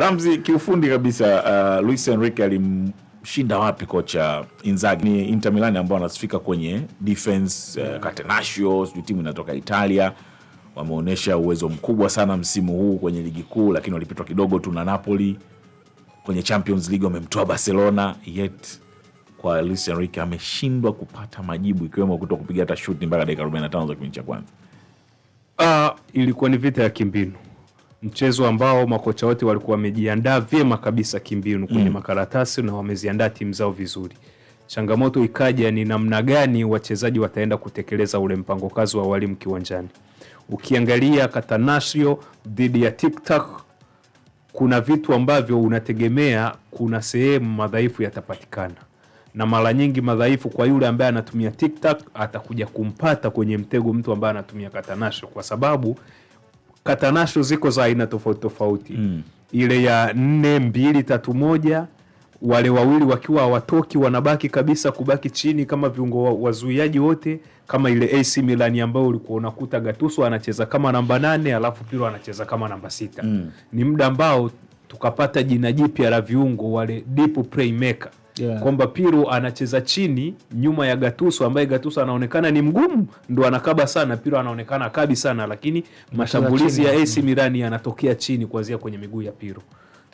Ramzi, kiufundi kabisa, uh, Luis Enrique alimshinda wapi kocha Inzaghi? Ni Inter Milan ambao wanasifika kwenye defense uh, Catenaccio, sijui timu inatoka Italia, wameonyesha uwezo mkubwa sana msimu huu kwenye ligi kuu, lakini walipitwa kidogo tu na Napoli. Kwenye Champions League wamemtoa Barcelona, yet kwa Luis Enrique ameshindwa kupata majibu, ikiwemo kuto kupiga hata shuti mpaka dakika 45 za kipindi cha kwanza. Uh, ilikuwa ni vita ya kimbinu mchezo ambao makocha wote walikuwa wamejiandaa vyema kabisa kimbinu kwenye mm. makaratasi na wameziandaa timu zao vizuri. Changamoto ikaja ni namna gani wachezaji wataenda kutekeleza ule mpango kazi wa walimu kiwanjani. Ukiangalia Katanasio dhidi ya TikTok, kuna vitu ambavyo unategemea, kuna sehemu madhaifu yatapatikana, na mara nyingi madhaifu kwa yule ambaye anatumia TikTok atakuja kumpata kwenye mtego mtu ambaye anatumia Katanasio kwa sababu katanasho ziko za aina tofauti tofauti mm. ile ya nne mbili tatu moja wale wawili wakiwa hawatoki wanabaki kabisa kubaki chini kama viungo wazuiaji wote, kama ile AC Milan ambayo ulikuwa unakuta Gattuso anacheza kama namba nane alafu Pirlo anacheza kama namba sita mm. ni muda ambao tukapata jina jipya la viungo wale deep playmaker yeah. kwamba Pirlo anacheza chini nyuma ya Gattuso ambaye Gattuso anaonekana ni mgumu, ndo anakaba sana. Pirlo anaonekana akabi sana, lakini mashambulizi ya AC Milan yanatokea chini kuanzia kwenye miguu ya Pirlo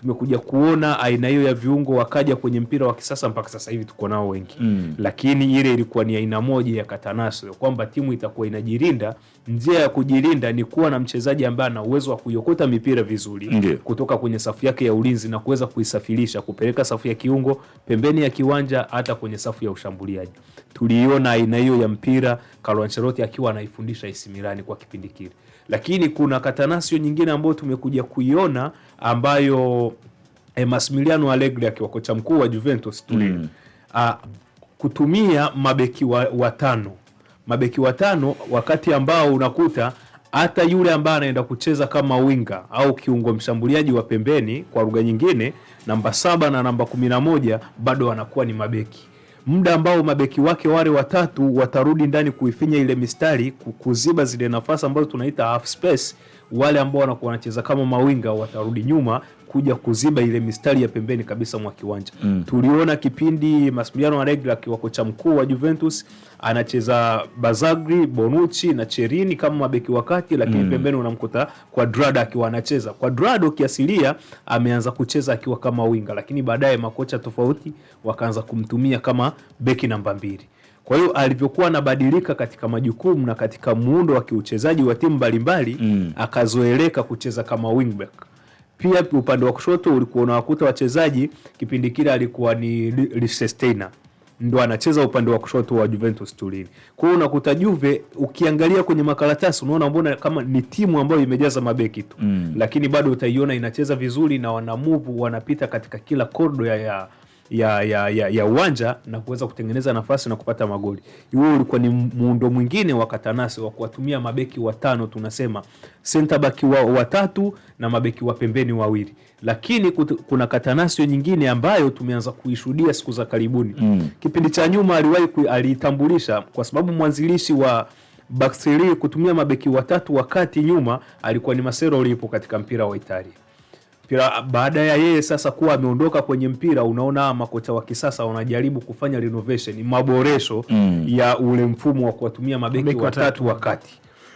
tumekuja kuona aina hiyo ya viungo wakaja kwenye mpira wa kisasa mpaka sasa hivi tuko nao wengi mm. Lakini ile ilikuwa ni aina moja ya katanaso kwamba timu itakuwa inajilinda. Njia ya kujilinda ni kuwa na mchezaji ambaye ana uwezo wa kuiokota mipira vizuri mm. kutoka kwenye safu yake ya ulinzi na kuweza kuisafirisha kupeleka safu ya kiungo pembeni ya kiwanja hata kwenye safu ya ushambuliaji. Tuliiona aina hiyo ya mpira Carlo Ancelotti akiwa anaifundisha AC kwa kipindi kile, lakini kuna katanasio nyingine ambayo tumekuja kuiona ambayo eh, Massimiliano Allegri akiwa kocha mkuu wa Juventus Turin mm. uh, kutumia mabeki watano wa mabeki watano, wakati ambao unakuta hata yule ambaye anaenda kucheza kama winga au kiungo mshambuliaji wa pembeni, kwa lugha nyingine, namba saba na namba kumi na moja bado wanakuwa ni mabeki muda ambao mabeki wake wale watatu watarudi ndani kuifinya ile mistari, kuziba zile nafasi ambazo tunaita half space. Wale ambao wanakuwa wanacheza kama mawinga watarudi nyuma kuja kuziba ile mistari ya pembeni kabisa mwa kiwanja mm. Tuliona kipindi Massimiliano Allegri akiwa kocha mkuu wa Juventus anacheza Bazagri, Bonucci na Cherini kama mabeki wakati, lakini mm. pembeni unamkuta Cuadrado akiwa anacheza. Cuadrado kiasilia ameanza kucheza akiwa kama winga, lakini baadaye makocha tofauti wakaanza kumtumia kama beki namba mbili. Kwa hiyo alivyokuwa anabadilika katika majukumu na katika muundo wa kiuchezaji wa timu mbalimbali mm. akazoeleka kucheza kama wingback pia upande wa kushoto ulikuwa unawakuta wachezaji kipindi kile alikuwa ni Lichtensteiner ndo anacheza upande wa kushoto wa Juventus Turin. Kwa hiyo unakuta Juve ukiangalia kwenye makaratasi unaona mbona kama ni timu ambayo imejaza mabeki tu mm. Lakini bado utaiona inacheza vizuri na wanamuvu wanapita katika kila kordo ya, ya ya ya ya, ya uwanja na kuweza kutengeneza nafasi na kupata magoli. Huo ulikuwa ni muundo mwingine wa Katanase wa kuwatumia mabeki watano, tunasema center back wa watatu na mabeki wa pembeni wawili, lakini kutu, kuna Katanase nyingine ambayo tumeanza kuishuhudia siku za karibuni mm. Kipindi cha nyuma aliwahi aliitambulisha kwa sababu mwanzilishi wa back three kutumia mabeki watatu wakati nyuma alikuwa ni Marcelo Lippo katika mpira wa Italia mpira baada ya yeye sasa kuwa ameondoka kwenye mpira, unaona makocha wa kisasa wanajaribu kufanya renovation, maboresho mm. ya ule mfumo wa kuwatumia mabeki watatu wakati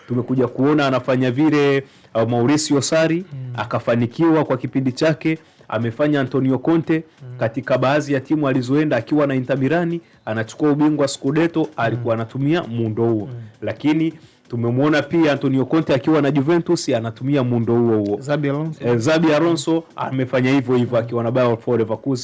tumekuja kuona anafanya vile uh, Mauricio Sarri mm. akafanikiwa kwa kipindi chake amefanya Antonio Conte mm. katika baadhi ya timu alizoenda akiwa na Inter Milan anachukua ubingwa Scudetto, alikuwa mm. anatumia muundo huo mm. lakini tumemwona pia Antonio Conte akiwa na Juventus anatumia muundo huo huo. Zabi Alonso, eh, Alonso amefanya hivyo hivyo mm. akiwa na Bayer Leverkusen.